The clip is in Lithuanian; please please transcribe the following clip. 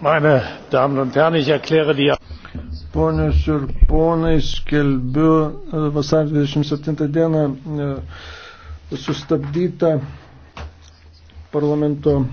Meine Damen und Herren, ich erkläre die. Ponios ir ponai, skelbiu e, vasario 27 dieną e, sustabdytą parlamento